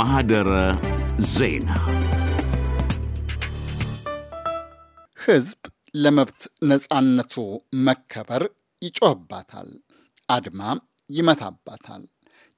ማህደረ ዜና ህዝብ ለመብት ነፃነቱ መከበር ይጮህባታል፣ አድማ ይመታባታል።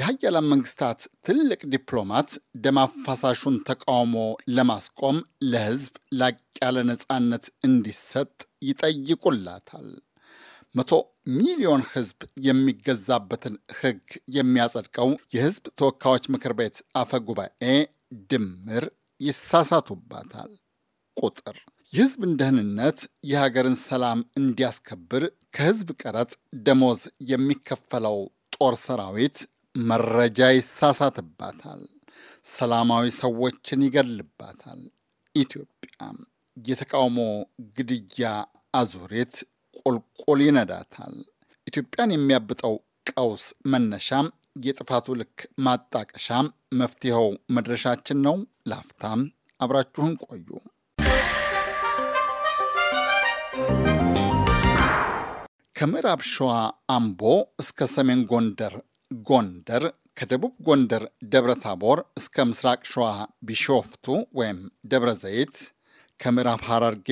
የሀያላን መንግስታት ትልቅ ዲፕሎማት ደም አፋሳሹን ተቃውሞ ለማስቆም ለህዝብ ላቅ ያለ ነፃነት እንዲሰጥ ይጠይቁላታል። መቶ ሚሊዮን ህዝብ የሚገዛበትን ህግ የሚያጸድቀው የህዝብ ተወካዮች ምክር ቤት አፈ ጉባኤ ድምር ይሳሳቱባታል። ቁጥር የህዝብን ደህንነት፣ የሀገርን ሰላም እንዲያስከብር ከህዝብ ቀረጥ ደሞዝ የሚከፈለው ጦር ሰራዊት መረጃ ይሳሳትባታል። ሰላማዊ ሰዎችን ይገድልባታል። ኢትዮጵያ የተቃውሞ ግድያ አዙሪት ቁልቁል ይነዳታል። ኢትዮጵያን የሚያብጠው ቀውስ መነሻም የጥፋቱ ልክ ማጣቀሻ መፍትሄው መድረሻችን ነው። ላፍታም አብራችሁን ቆዩ። ከምዕራብ ሸዋ አምቦ እስከ ሰሜን ጎንደር ጎንደር፣ ከደቡብ ጎንደር ደብረ ታቦር እስከ ምስራቅ ሸዋ ቢሾፍቱ ወይም ደብረ ዘይት፣ ከምዕራብ ሐረርጌ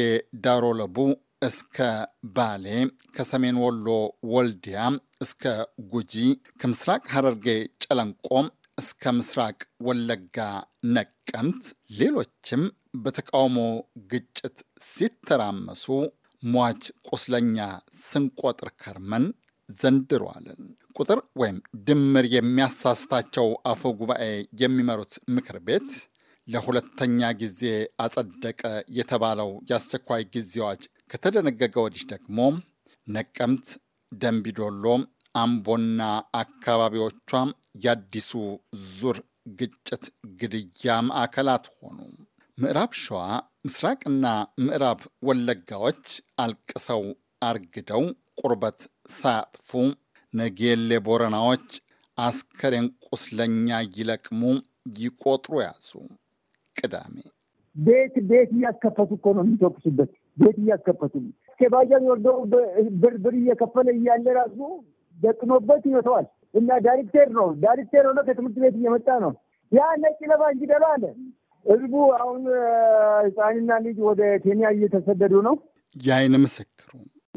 ዳሮ ለቡ እስከ ባሌ ከሰሜን ወሎ ወልዲያ እስከ ጉጂ ከምስራቅ ሐረርጌ ጨለንቆ እስከ ምስራቅ ወለጋ ነቀምት፣ ሌሎችም በተቃውሞ ግጭት ሲተራመሱ ሟች ቁስለኛ ስንቆጥር ከርመን ዘንድሯልን። ቁጥር ወይም ድምር የሚያሳስታቸው አፈ ጉባኤ የሚመሩት ምክር ቤት ለሁለተኛ ጊዜ አጸደቀ የተባለው የአስቸኳይ ጊዜ አዋጅ ከተደነገገ ወዲህ ደግሞ ነቀምት፣ ደንቢዶሎ፣ አምቦና አካባቢዎቿ የአዲሱ ዙር ግጭት ግድያ ማዕከላት ሆኑ። ምዕራብ ሸዋ፣ ምስራቅና ምዕራብ ወለጋዎች አልቅሰው አርግደው ቁርበት ሳያጥፉ፣ ነጌሌ ቦረናዎች አስከሬን ቁስለኛ ይለቅሙ ይቆጥሩ ያዙ። ቅዳሜ ቤት ቤት እያከፈቱ እኮ ነው የሚተኩሱበት። ቤት እያስከፈቱም ከባጃጅ ወርዶ ብር እየከፈለ እያለ ራሱ ደቅኖበት ይወተዋል እና ዳይሬክተር ነው ዳይሬክተር ሆነ ከትምህርት ቤት እየመጣ ነው። ያ ነጭ ለባ ደባ አለ ህዝቡ። አሁን ህፃንና ልጅ ወደ ኬንያ እየተሰደዱ ነው። የአይን ምስክሩ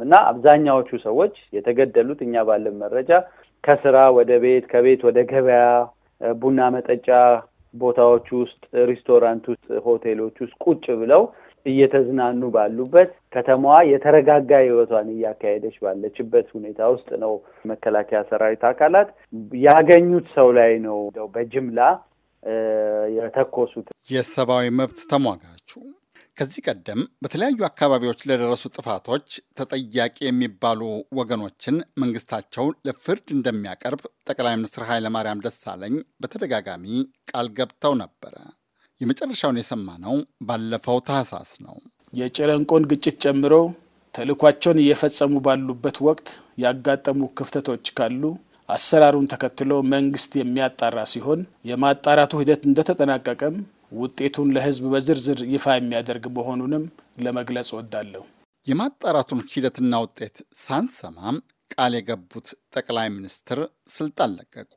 እና አብዛኛዎቹ ሰዎች የተገደሉት እኛ ባለን መረጃ ከስራ ወደ ቤት፣ ከቤት ወደ ገበያ፣ ቡና መጠጫ ቦታዎች ውስጥ፣ ሪስቶራንት ውስጥ፣ ሆቴሎች ውስጥ ቁጭ ብለው እየተዝናኑ ባሉበት ከተማዋ የተረጋጋ ህይወቷን እያካሄደች ባለችበት ሁኔታ ውስጥ ነው መከላከያ ሰራዊት አካላት ያገኙት ሰው ላይ ነው በጅምላ የተኮሱት። የሰብአዊ መብት ተሟጋቹ ከዚህ ቀደም በተለያዩ አካባቢዎች ለደረሱ ጥፋቶች ተጠያቂ የሚባሉ ወገኖችን መንግስታቸው ለፍርድ እንደሚያቀርብ ጠቅላይ ሚኒስትር ኃይለማርያም ደሳለኝ በተደጋጋሚ ቃል ገብተው ነበረ። የመጨረሻውን የሰማነው ባለፈው ታህሳስ ነው። የጭረንቆን ግጭት ጨምሮ ተልኳቸውን እየፈጸሙ ባሉበት ወቅት ያጋጠሙ ክፍተቶች ካሉ አሰራሩን ተከትሎ መንግስት የሚያጣራ ሲሆን የማጣራቱ ሂደት እንደተጠናቀቀም ውጤቱን ለህዝብ በዝርዝር ይፋ የሚያደርግ መሆኑንም ለመግለጽ ወዳለሁ። የማጣራቱን ሂደትና ውጤት ሳንሰማም ቃል የገቡት ጠቅላይ ሚኒስትር ስልጣን ለቀቁ።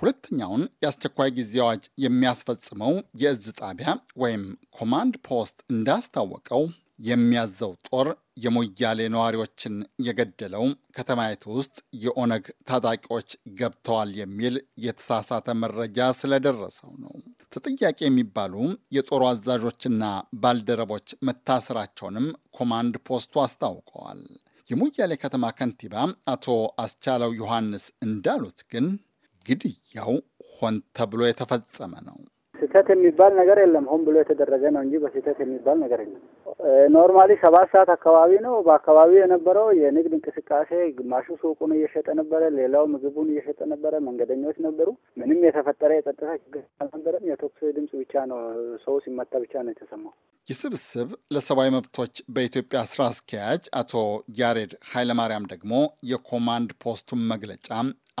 ሁለተኛውን የአስቸኳይ ጊዜ አዋጅ የሚያስፈጽመው የእዝ ጣቢያ ወይም ኮማንድ ፖስት እንዳስታወቀው የሚያዘው ጦር የሞያሌ ነዋሪዎችን የገደለው ከተማይቱ ውስጥ የኦነግ ታጣቂዎች ገብተዋል የሚል የተሳሳተ መረጃ ስለደረሰው ነው። ተጠያቂ የሚባሉ የጦሩ አዛዦችና ባልደረቦች መታሰራቸውንም ኮማንድ ፖስቱ አስታውቀዋል። የሞያሌ ከተማ ከንቲባ አቶ አስቻለው ዮሐንስ እንዳሉት ግን ግድያው ሆን ተብሎ የተፈጸመ ነው። ስህተት የሚባል ነገር የለም። ሆን ብሎ የተደረገ ነው እንጂ በስህተት የሚባል ነገር የለም። ኖርማሊ ሰባት ሰዓት አካባቢ ነው። በአካባቢው የነበረው የንግድ እንቅስቃሴ ግማሹ ሱቁን እየሸጠ ነበረ፣ ሌላው ምግቡን እየሸጠ ነበረ። መንገደኞች ነበሩ። ምንም የተፈጠረ የጸጥታ ችግር አልነበረም። የተኩስ ድምፅ ብቻ ነው፣ ሰው ሲመታ ብቻ ነው የተሰማው። ይህ ስብስብ ለሰብአዊ መብቶች በኢትዮጵያ ስራ አስኪያጅ አቶ ያሬድ ኃይለማርያም ደግሞ የኮማንድ ፖስቱን መግለጫ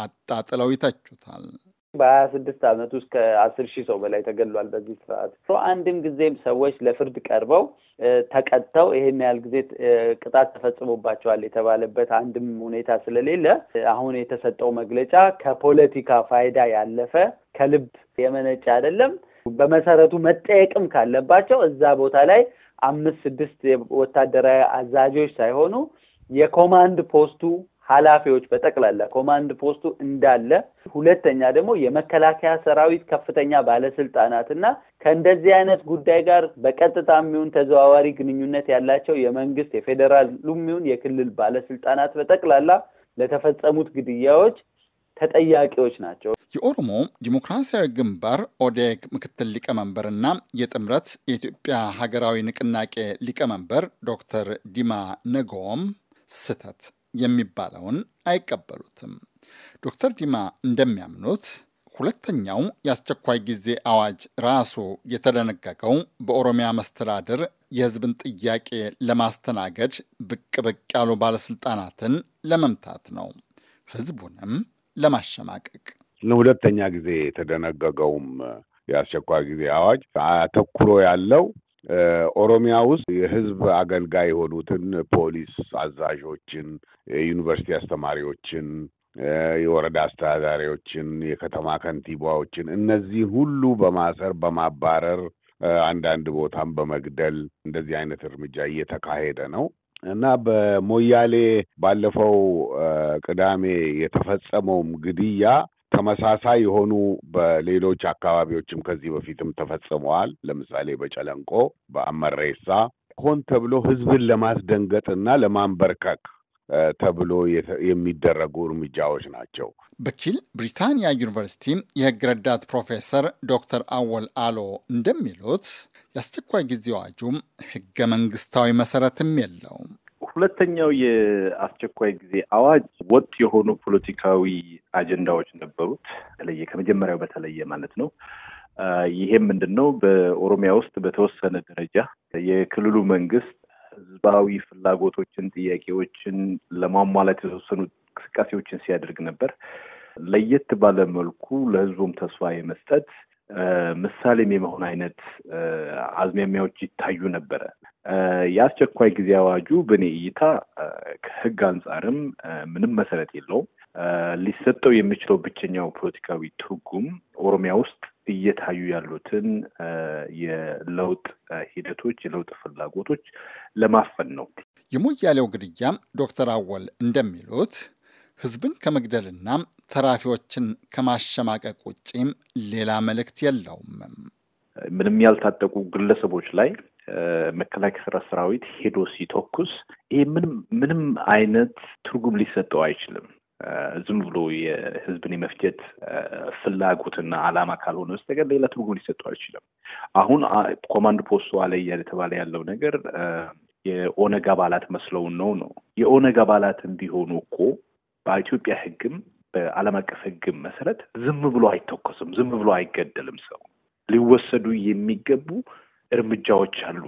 አጣጥለው ይተቹታል። በሀያ ስድስት አመት ውስጥ ከአስር ሺህ ሰው በላይ ተገሏል። በዚህ ስርዓት። አንድም ጊዜም ሰዎች ለፍርድ ቀርበው ተቀጥተው ይሄን ያህል ጊዜ ቅጣት ተፈጽሞባቸዋል የተባለበት አንድም ሁኔታ ስለሌለ አሁን የተሰጠው መግለጫ ከፖለቲካ ፋይዳ ያለፈ ከልብ የመነጨ አይደለም። በመሰረቱ መጠየቅም ካለባቸው እዛ ቦታ ላይ አምስት ስድስት ወታደራዊ አዛዦች ሳይሆኑ የኮማንድ ፖስቱ ኃላፊዎች በጠቅላላ ኮማንድ ፖስቱ እንዳለ፣ ሁለተኛ ደግሞ የመከላከያ ሰራዊት ከፍተኛ ባለስልጣናት እና ከእንደዚህ አይነት ጉዳይ ጋር በቀጥታ የሚሆን ተዘዋዋሪ ግንኙነት ያላቸው የመንግስት የፌዴራል ሉሚውን የክልል ባለስልጣናት በጠቅላላ ለተፈጸሙት ግድያዎች ተጠያቂዎች ናቸው። የኦሮሞ ዲሞክራሲያዊ ግንባር ኦዴግ ምክትል ሊቀመንበርና የጥምረት የኢትዮጵያ ሀገራዊ ንቅናቄ ሊቀመንበር ዶክተር ዲማ ነጎም ስህተት የሚባለውን አይቀበሉትም። ዶክተር ዲማ እንደሚያምኑት ሁለተኛው የአስቸኳይ ጊዜ አዋጅ ራሱ የተደነገገው በኦሮሚያ መስተዳድር የሕዝብን ጥያቄ ለማስተናገድ ብቅ ብቅ ያሉ ባለስልጣናትን ለመምታት ነው፣ ሕዝቡንም ለማሸማቀቅ። ሁለተኛ ጊዜ የተደነገገውም የአስቸኳይ ጊዜ አዋጅ አተኩሮ ያለው ኦሮሚያ ውስጥ የህዝብ አገልጋይ የሆኑትን ፖሊስ አዛዦችን፣ የዩኒቨርሲቲ አስተማሪዎችን፣ የወረዳ አስተዳዳሪዎችን፣ የከተማ ከንቲባዎችን እነዚህ ሁሉ በማሰር በማባረር አንዳንድ ቦታም በመግደል እንደዚህ አይነት እርምጃ እየተካሄደ ነው እና በሞያሌ ባለፈው ቅዳሜ የተፈጸመውም ግድያ ተመሳሳይ የሆኑ በሌሎች አካባቢዎችም ከዚህ በፊትም ተፈጽመዋል። ለምሳሌ በጨለንቆ፣ በአመሬሳ ሆን ተብሎ ህዝብን ለማስደንገጥና ለማንበርከክ ተብሎ የሚደረጉ እርምጃዎች ናቸው። በኪል ብሪታንያ ዩኒቨርሲቲ የህግ ረዳት ፕሮፌሰር ዶክተር አወል አሎ እንደሚሉት የአስቸኳይ ጊዜ አዋጁም ህገ መንግስታዊ መሰረትም የለውም። ሁለተኛው የአስቸኳይ ጊዜ አዋጅ ወጥ የሆኑ ፖለቲካዊ አጀንዳዎች ነበሩት፣ በተለየ ከመጀመሪያው በተለየ ማለት ነው። ይሄም ምንድን ነው? በኦሮሚያ ውስጥ በተወሰነ ደረጃ የክልሉ መንግስት ህዝባዊ ፍላጎቶችን፣ ጥያቄዎችን ለማሟላት የተወሰኑ እንቅስቃሴዎችን ሲያደርግ ነበር። ለየት ባለ መልኩ ለህዝቡም ተስፋ የመስጠት ምሳሌም የመሆን አይነት አዝማሚያዎች ይታዩ ነበረ። የአስቸኳይ ጊዜ አዋጁ በእኔ እይታ ከህግ አንጻርም ምንም መሰረት የለውም። ሊሰጠው የሚችለው ብቸኛው ፖለቲካዊ ትርጉም ኦሮሚያ ውስጥ እየታዩ ያሉትን የለውጥ ሂደቶች፣ የለውጥ ፍላጎቶች ለማፈን ነው። የሙያሌው ግድያም ዶክተር አወል እንደሚሉት ህዝብን ከመግደልና ተራፊዎችን ከማሸማቀቅ ውጪም ሌላ መልእክት የለውም። ምንም ያልታጠቁ ግለሰቦች ላይ መከላከያ ሰራዊት ሄዶ ሲተኩስ ይሄ ምንም ምንም አይነት ትርጉም ሊሰጠው አይችልም። ዝም ብሎ የህዝብን የመፍጀት ፍላጎትና አላማ ካልሆነ በስተቀር ሌላ ትርጉም ሊሰጠው አይችልም። አሁን ኮማንድ ፖስቱ አለ የተባለ ያለው ነገር የኦነግ አባላት መስለውን ነው ነው የኦነግ አባላት እንዲሆኑ እኮ በኢትዮጵያ ህግም በዓለም አቀፍ ህግም መሰረት ዝም ብሎ አይተኮስም፣ ዝም ብሎ አይገደልም። ሰው ሊወሰዱ የሚገቡ እርምጃዎች አሉ፣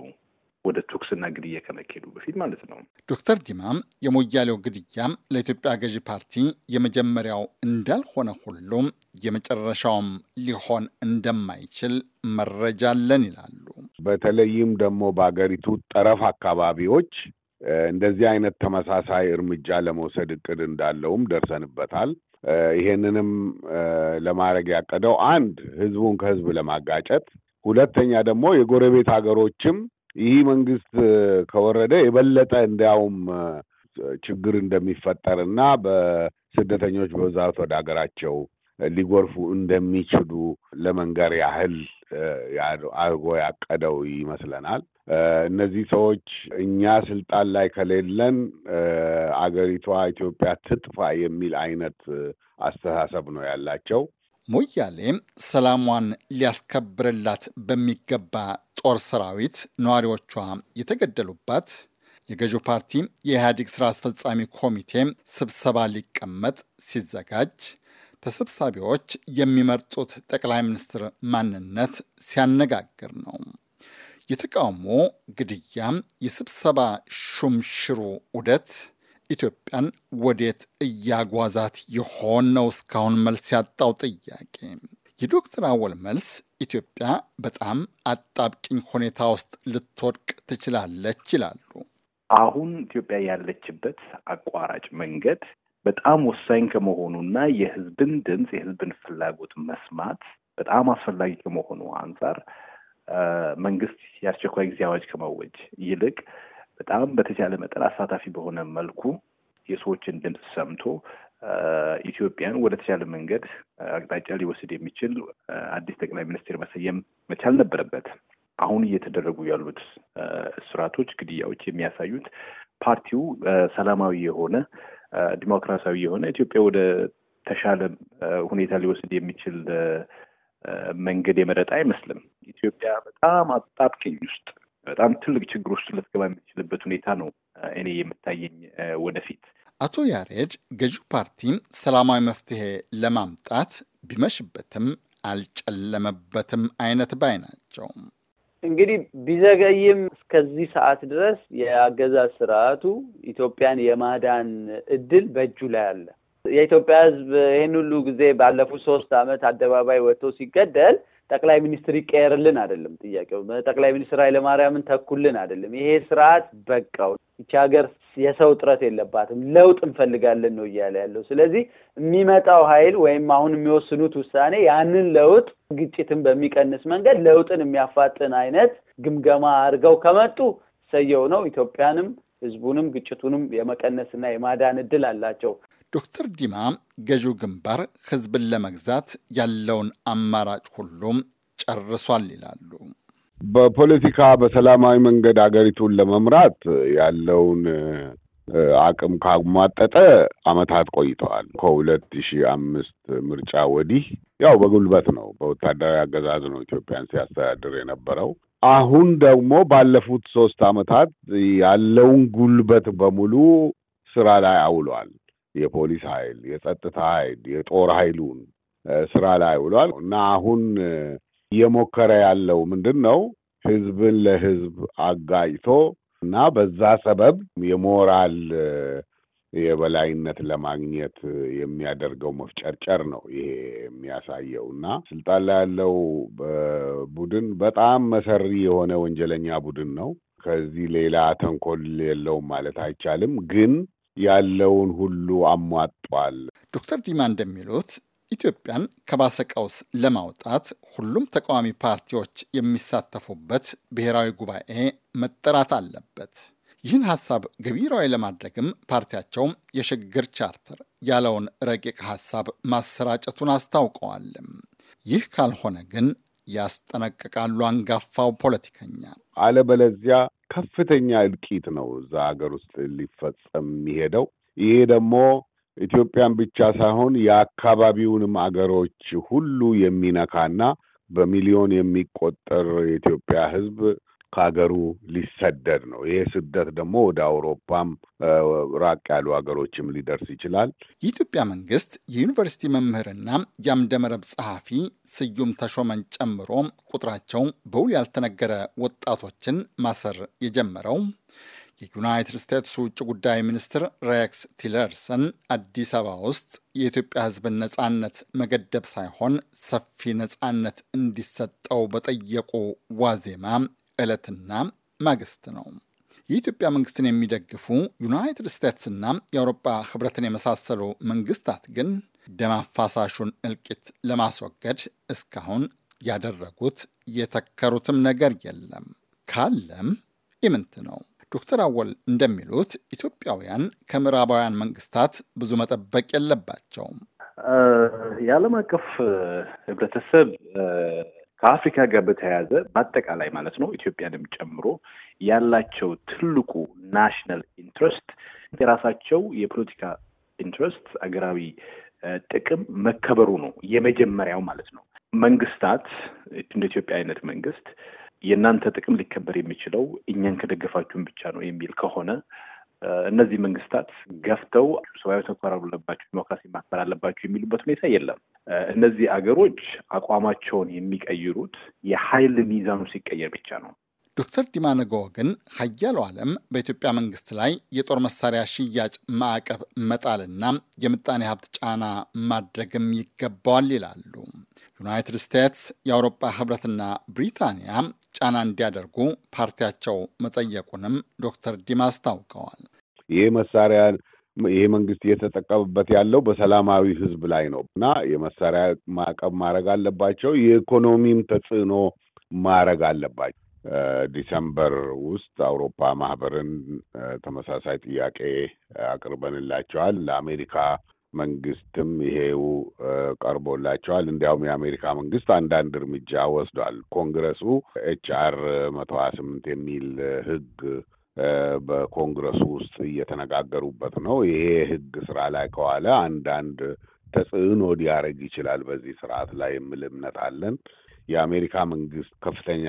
ወደ ቶክስና ግድያ ከመካሄዱ በፊት ማለት ነው። ዶክተር ዲማም የሞያሌው ግድያም ለኢትዮጵያ ገዢ ፓርቲ የመጀመሪያው እንዳልሆነ ሁሉም የመጨረሻውም ሊሆን እንደማይችል መረጃ አለን ይላሉ። በተለይም ደግሞ በሀገሪቱ ጠረፍ አካባቢዎች እንደዚህ አይነት ተመሳሳይ እርምጃ ለመውሰድ እቅድ እንዳለውም ደርሰንበታል። ይሄንንም ለማድረግ ያቀደው አንድ ህዝቡን ከህዝብ ለማጋጨት፣ ሁለተኛ ደግሞ የጎረቤት ሀገሮችም ይህ መንግስት ከወረደ የበለጠ እንዲያውም ችግር እንደሚፈጠር እና በስደተኞች በብዛት ወደ ሀገራቸው ሊጎርፉ እንደሚችሉ ለመንገር ያህል አድርጎ ያቀደው ይመስለናል። እነዚህ ሰዎች እኛ ስልጣን ላይ ከሌለን አገሪቷ ኢትዮጵያ ትጥፋ የሚል አይነት አስተሳሰብ ነው ያላቸው። ሞያሌ ሰላሟን ሊያስከብርላት በሚገባ ጦር ሰራዊት ነዋሪዎቿ የተገደሉባት የገዢው ፓርቲ የኢህአዴግ ስራ አስፈጻሚ ኮሚቴ ስብሰባ ሊቀመጥ ሲዘጋጅ ተሰብሳቢዎች የሚመርጡት ጠቅላይ ሚኒስትር ማንነት ሲያነጋግር ነው። የተቃውሞ ግድያም፣ የስብሰባ ሹምሽሩ ዑደት ኢትዮጵያን ወዴት እያጓዛት ይሆን ነው እስካሁን መልስ ያጣው ጥያቄ። የዶክተር አወል መልስ ኢትዮጵያ በጣም አጣብቂኝ ሁኔታ ውስጥ ልትወድቅ ትችላለች ይላሉ። አሁን ኢትዮጵያ ያለችበት አቋራጭ መንገድ በጣም ወሳኝ ከመሆኑና የህዝብን ድምፅ የህዝብን ፍላጎት መስማት በጣም አስፈላጊ ከመሆኑ አንጻር መንግስት የአስቸኳይ ጊዜ አዋጅ ከማወጅ ይልቅ በጣም በተቻለ መጠን አሳታፊ በሆነ መልኩ የሰዎችን ድምፅ ሰምቶ ኢትዮጵያን ወደ ተቻለ መንገድ አቅጣጫ ሊወስድ የሚችል አዲስ ጠቅላይ ሚኒስትር መሰየም መቻል ነበረበት። አሁን እየተደረጉ ያሉት ስርዓቶች፣ ግድያዎች የሚያሳዩት ፓርቲው ሰላማዊ የሆነ ዲሞክራሲያዊ የሆነ ኢትዮጵያ ወደ ተሻለ ሁኔታ ሊወስድ የሚችል መንገድ የመረጠ አይመስልም። ኢትዮጵያ በጣም አጣብቂኝ ውስጥ በጣም ትልቅ ችግር ውስጥ ልትገባ የሚችልበት ሁኔታ ነው እኔ የምታየኝ ወደፊት። አቶ ያሬድ ገዢው ፓርቲ ሰላማዊ መፍትሄ ለማምጣት ቢመሽበትም አልጨለመበትም አይነት ባይ ናቸውም። እንግዲህ ቢዘገይም እስከዚህ ሰዓት ድረስ የአገዛዝ ስርዓቱ ኢትዮጵያን የማዳን እድል በእጁ ላይ አለ። የኢትዮጵያ ሕዝብ ይህን ሁሉ ጊዜ ባለፉት ሶስት አመት አደባባይ ወጥቶ ሲገደል ጠቅላይ ሚኒስትር ይቀየርልን አይደለም ጥያቄው፣ ጠቅላይ ሚኒስትር ኃይለማርያምን ተኩልን አይደለም። ይሄ ስርዓት በቃው፣ ይቺ ሀገር የሰው እጥረት የለባትም፣ ለውጥ እንፈልጋለን ነው እያለ ያለው። ስለዚህ የሚመጣው ኃይል ወይም አሁን የሚወስኑት ውሳኔ ያንን ለውጥ ግጭትን በሚቀንስ መንገድ ለውጥን የሚያፋጥን አይነት ግምገማ አድርገው ከመጡ ሰየው ነው። ኢትዮጵያንም ህዝቡንም ግጭቱንም የመቀነስና የማዳን እድል አላቸው። ዶክተር ዲማ ገዢው ግንባር ህዝብን ለመግዛት ያለውን አማራጭ ሁሉም ጨርሷል ይላሉ። በፖለቲካ በሰላማዊ መንገድ አገሪቱን ለመምራት ያለውን አቅም ካሟጠጠ አመታት ቆይተዋል። ከሁለት ሺ አምስት ምርጫ ወዲህ ያው በጉልበት ነው፣ በወታደራዊ አገዛዝ ነው ኢትዮጵያን ሲያስተዳድር የነበረው። አሁን ደግሞ ባለፉት ሶስት አመታት ያለውን ጉልበት በሙሉ ስራ ላይ አውሏል። የፖሊስ ኃይል፣ የጸጥታ ኃይል፣ የጦር ኃይሉን ስራ ላይ ውሏል እና አሁን እየሞከረ ያለው ምንድን ነው? ህዝብን ለህዝብ አጋጭቶ እና በዛ ሰበብ የሞራል የበላይነት ለማግኘት የሚያደርገው መፍጨርጨር ነው ይሄ የሚያሳየው። እና ስልጣን ላይ ያለው ቡድን በጣም መሰሪ የሆነ ወንጀለኛ ቡድን ነው። ከዚህ ሌላ ተንኮል የለውም ማለት አይቻልም። ግን ያለውን ሁሉ አሟጧል። ዶክተር ዲማ እንደሚሉት ኢትዮጵያን ከባሰ ቀውስ ለማውጣት ሁሉም ተቃዋሚ ፓርቲዎች የሚሳተፉበት ብሔራዊ ጉባኤ መጠራት አለበት። ይህን ሀሳብ ገቢራዊ ለማድረግም ፓርቲያቸው የሽግግር ቻርተር ያለውን ረቂቅ ሀሳብ ማሰራጨቱን አስታውቀዋል። ይህ ካልሆነ ግን ያስጠነቅቃሉ አንጋፋው ፖለቲከኛ። አለበለዚያ ከፍተኛ እልቂት ነው እዛ ሀገር ውስጥ ሊፈጸም የሚሄደው። ይሄ ደግሞ ኢትዮጵያን ብቻ ሳይሆን የአካባቢውንም አገሮች ሁሉ የሚነካና በሚሊዮን የሚቆጠር የኢትዮጵያ ሕዝብ ከሀገሩ ሊሰደድ ነው። ይሄ ስደት ደግሞ ወደ አውሮፓም ራቅ ያሉ ሀገሮችም ሊደርስ ይችላል። የኢትዮጵያ መንግስት የዩኒቨርሲቲ መምህርና የአምደመረብ ጸሐፊ ስዩም ተሾመን ጨምሮ ቁጥራቸው በውል ያልተነገረ ወጣቶችን ማሰር የጀመረው የዩናይትድ ስቴትስ ውጭ ጉዳይ ሚኒስትር ሬክስ ቲለርሰን አዲስ አበባ ውስጥ የኢትዮጵያ ሕዝብን ነጻነት መገደብ ሳይሆን ሰፊ ነጻነት እንዲሰጠው በጠየቁ ዋዜማ ዕለትና ማግስት ነው። የኢትዮጵያ መንግስትን የሚደግፉ ዩናይትድ ስቴትስና የአውሮፓ ህብረትን የመሳሰሉ መንግስታት ግን ደም አፋሳሹን እልቂት ለማስወገድ እስካሁን ያደረጉት የተከሩትም ነገር የለም። ካለም ይምንት ነው። ዶክተር አወል እንደሚሉት ኢትዮጵያውያን ከምዕራባውያን መንግስታት ብዙ መጠበቅ የለባቸውም። የዓለም አቀፍ ህብረተሰብ ከአፍሪካ ጋር በተያያዘ በአጠቃላይ ማለት ነው ኢትዮጵያንም ጨምሮ ያላቸው ትልቁ ናሽናል ኢንትረስት የራሳቸው የፖለቲካ ኢንትረስት አገራዊ ጥቅም መከበሩ ነው የመጀመሪያው ማለት ነው። መንግስታት እንደ ኢትዮጵያ አይነት መንግስት የእናንተ ጥቅም ሊከበር የሚችለው እኛን ከደገፋችሁን ብቻ ነው የሚል ከሆነ እነዚህ መንግስታት ገፍተው ሰብአዊ መክበር አለባቸው፣ ዲሞክራሲ ማክበር አለባቸው የሚሉበት ሁኔታ የለም። እነዚህ አገሮች አቋማቸውን የሚቀይሩት የሀይል ሚዛኑ ሲቀየር ብቻ ነው። ዶክተር ዲማነጎ ግን ሀያሉ ዓለም በኢትዮጵያ መንግስት ላይ የጦር መሳሪያ ሽያጭ ማዕቀብ መጣልና የምጣኔ ሀብት ጫና ማድረግም ይገባዋል ይላሉ። ዩናይትድ ስቴትስ፣ የአውሮፓ ህብረትና ብሪታንያ ጫና እንዲያደርጉ ፓርቲያቸው መጠየቁንም ዶክተር ዲማ አስታውቀዋል። ይሄ መሳሪያ ይሄ መንግስት እየተጠቀምበት ያለው በሰላማዊ ህዝብ ላይ ነው እና የመሳሪያ ማዕቀብ ማድረግ አለባቸው። የኢኮኖሚም ተጽዕኖ ማድረግ አለባቸው። ዲሰምበር ውስጥ አውሮፓ ማህበርን ተመሳሳይ ጥያቄ አቅርበንላቸዋል። ለአሜሪካ መንግስትም ይሄው ቀርቦላቸዋል። እንዲያውም የአሜሪካ መንግስት አንዳንድ እርምጃ ወስዷል። ኮንግረሱ ኤች አር መቶ ሀያ ስምንት የሚል ህግ በኮንግረሱ ውስጥ እየተነጋገሩበት ነው። ይሄ ህግ ስራ ላይ ከዋለ አንዳንድ ተጽዕኖ ሊያደርግ ይችላል በዚህ ስርዓት ላይ የሚል እምነት አለን። የአሜሪካ መንግስት ከፍተኛ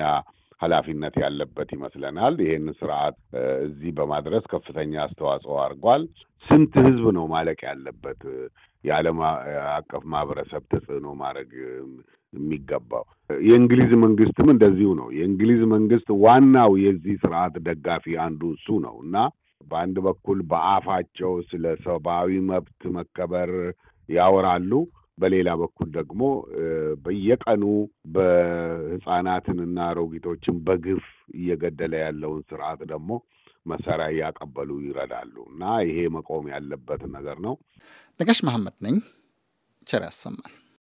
ኃላፊነት ያለበት ይመስለናል። ይህን ስርዓት እዚህ በማድረስ ከፍተኛ አስተዋጽኦ አድርጓል። ስንት ህዝብ ነው ማለቅ ያለበት? የዓለም አቀፍ ማህበረሰብ ተጽዕኖ ማድረግ የሚገባው። የእንግሊዝ መንግስትም እንደዚሁ ነው። የእንግሊዝ መንግስት ዋናው የዚህ ስርዓት ደጋፊ አንዱ እሱ ነው እና በአንድ በኩል በአፋቸው ስለ ሰብአዊ መብት መከበር ያወራሉ። በሌላ በኩል ደግሞ በየቀኑ በህፃናትንና አሮጊቶችን በግፍ እየገደለ ያለውን ስርዓት ደግሞ መሳሪያ እያቀበሉ ይረዳሉ እና ይሄ መቆም ያለበት ነገር ነው። ነጋሽ መሐመድ ነኝ። ቸር ያሰማን።